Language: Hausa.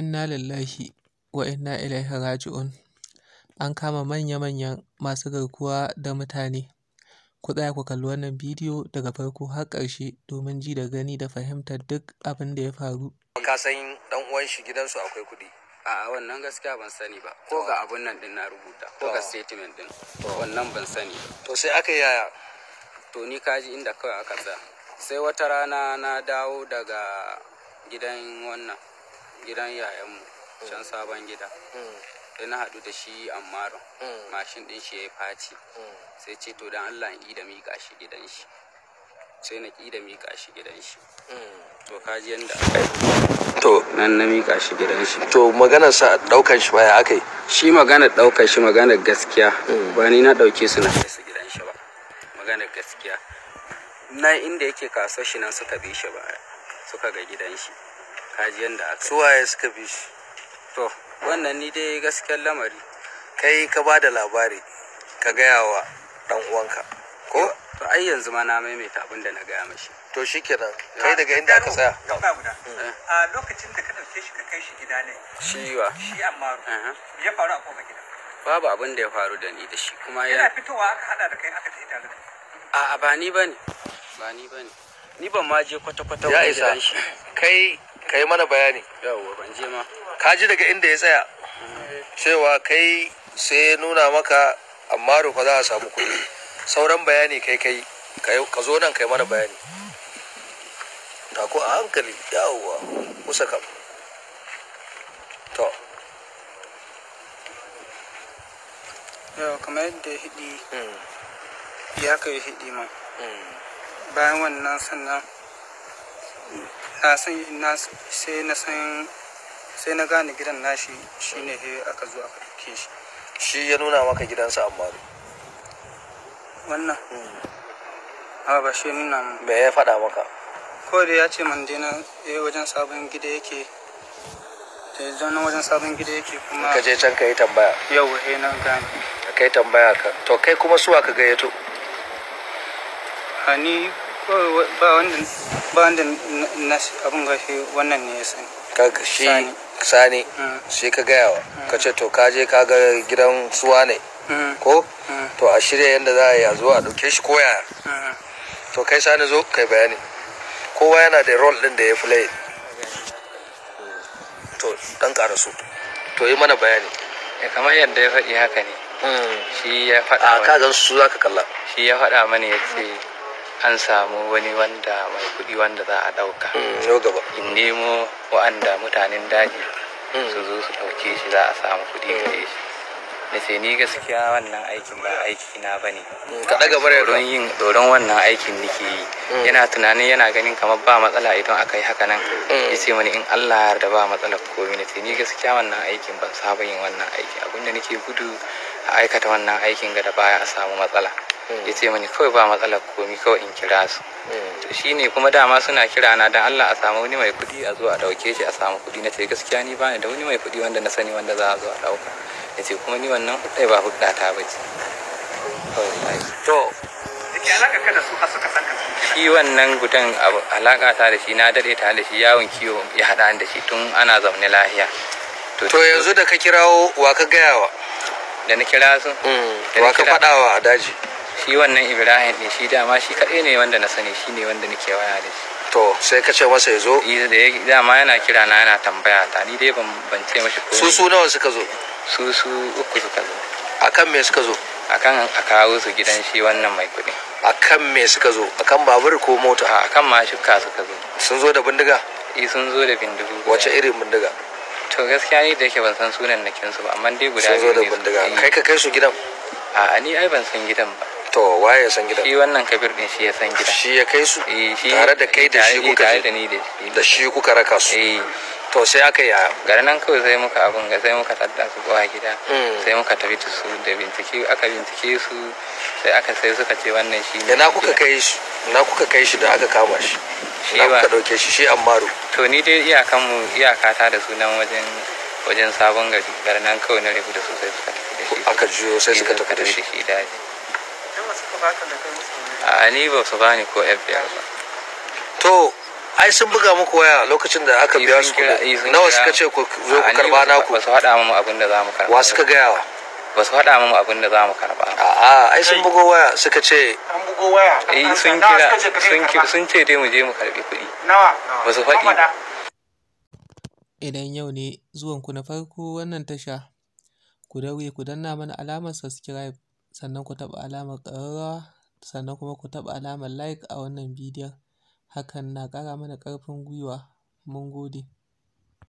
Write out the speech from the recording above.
Inna lillahi wa inna ilaihi raji'un. An kama manya-manyan masu garkuwa da mutane. Ku tsaya ku kalli wannan bidiyo daga farko har ƙarshe domin ji da gani da fahimtar duk abin da ya faru. Ka san dan uwan shi gidansu akwai kuɗi. a wannan gaskiya ban sani ba. Ko ga abun nan din na rubuta ko ga statement din. Wannan ban sani ba. To sai aka yaya? To ni kaji inda kawai aka tsaya. Sai wata rana na dawo daga gidan wannan gidan yayanmu hmm. can sabon gida hmm. sai na haɗu da shi ammaron hmm. mashin ɗin shi ya yi faci sai ce to don allah in da miƙa shi gidan shi sai na ƙi da miƙa shi gidan shi to kaji yadda aka to nan na miƙa shi gidan shi to maganar sa ɗaukar shi baya aka yi shi maganar ɗaukar shi maganar gaskiya ba ni na ɗauke su na kai su gidan shi ba maganar gaskiya na inda yake kasar shi nan suka bi shi baya suka ga gidan shi kaji yanda aka suwaye suka bi shi to wannan ni dai gaskiyar lamari kai ka ba da labari ka gaya wa dan uwanka ko eh, to ai yanzu ma na maimaita abin da na gaya mashi to shi ke kai daga inda aka tsaya guda mm. eh. a lokacin da ka dauke shi ka kai shi gida ne shi wa shi amma ya faru a kofar gida babu abin da ya faru da ni da shi kuma ya yana fitowa aka hada da kai aka tafi tare da a ba ni bane ba ni bane ni ban ma je kwata kwata ya isa kai ka yi mana bayani yawwa ban je ma ka ji daga inda ya tsaya cewa kai sai nuna maka amma rufa za a samu kuɗi sauran bayani kai kai ka zo nan kai mana bayani tako a hankali yawwa kusa kam to yau kamar yadda hidi hmm. ya kai hidi ma hmm. bayan wannan sannan na san sai na san sai na gane gidan nashi shine he aka zo aka ɗauke shi shi ya nuna maka gidansa amma wannan hmm. a ba shi nuna min me ya faɗa maka ko da ya ce man dina eh, wajen sabon gida yake da zama wajen sabon gida yake kuma ka je can ka yi tambaya yau he na gane ka yi tambaya ka to kai kuma suwa ka gayyato hani kawai ba wanda ba wanda na abun gashi wannan ne ya sani kaga shi sani mm. shi ka gaya wa mm. ka ce to ka je ka ga gidan suwa ne mm. ko to a shirya yadda za a yi a zo a ɗauke shi ko yaya? to kai sani zo kai bayani kowa yana da rol ɗin da ya play to ɗan ƙara su to yi mana bayani eh, kamar yadda ya faɗi haka ne shi ya faɗa a ka gan su za ka kalla shi ya faɗa mana ya ce an samu wani wanda mai kuɗi wanda za a ɗauka hmm, in nemo wa'anda mutanen daji hmm. su zo su ɗauke shi za a samu kuɗi hmm. gare shi da ce ni gaskiya wannan aikin ba aiki na ba ne don yin doron wannan aikin nake yi yana tunanin yana ganin kamar ba matsala idan aka yi haka nan ya ce mani in allah yarda ba matsala komi na ce ni gaskiya wannan aikin ban saba yin wannan aiki abinda nake gudu a aikata wannan aikin ga da baya a samu matsala Mm. ya ce mani kawai ba matsalar komi kawai in kira su mm. to shine kuma dama suna kira na don Allah a samu wani mai kuɗi a zo a ɗauke shi a samu kuɗi na ce gaskiya ni bani da wani mai kuɗi wanda na sani wanda za a zo a ɗauka ya ce kuma ni wannan hudai ba hudda ta ba ce to shi wannan gudan alaka ta da shi na daɗe ta da shi yawon kiwo ya haɗa da shi tun ana zaune lahiya to yanzu da ka kirawo wa ka gayawa da na kira su mm. wa ka faɗawa a daji shi wannan ibrahim ne shi dama shi kaɗai ne wanda na sani shi ne wanda nake waya da shi to sai ka ce masa ya zo dama yana kira na yana tambaya ta ni dai ban ce mashi ko su su nawa suka zo su su uku suka zo akan me suka zo akan a kawo su gidan shi wannan mai kuɗi akan me suka zo akan babur ko mota a akan mashuka suka zo sun zo da bindiga eh sun zo da bindigu. wace irin bindiga to gaskiya ni da yake ban san sunan nakin su ba amma dai guda sun zo da bindiga kai ka kai su gidan a ni ai ban san gidan ba to wa ya san gida. shi wannan kabir din shi ya san gida. shi ya kai su eh, tare da kai da shi kuka tare da ni da shi kuka raka su eh. to sai aka yi garin nan kawai sai muka abun ga sai muka tadda su kowa gida hmm. sai muka tafi da su da bincike aka bincike su sai aka sai suka ce wannan shi ne na kuka kai shi na kuka kai shi da aka kama shi na kuka dauke shi shi ammaru to ni dai iyakan mu iyaka ta da sunan wajen wajen sabon gari garin nan kawai na rubuta su sai suka tafi da shi aka juyo sai suka tafi da shi daji a ni ba su bani ko yar ba to ai sun buga muku waya lokacin da aka biya su nawa suka ce ku zo ku karba na ku ba su hada mu abin da zamu karba wa suka ga yawa ba su hada mu abin da zamu karba a a ai sun bugo waya suka ce an bugo waya eh sun kira sun kira sun ce dai mu je mu karbi kudi nawa ba su fadi idan yau ne zuwanku na farko wannan tasha ku daure ku danna mana alamar subscribe sannan ku taɓa alamar ƙararrawa sannan kuma ku taɓa alamar like a wannan bidiyon hakan na ƙara mana ƙarfin gwiwa mun gode.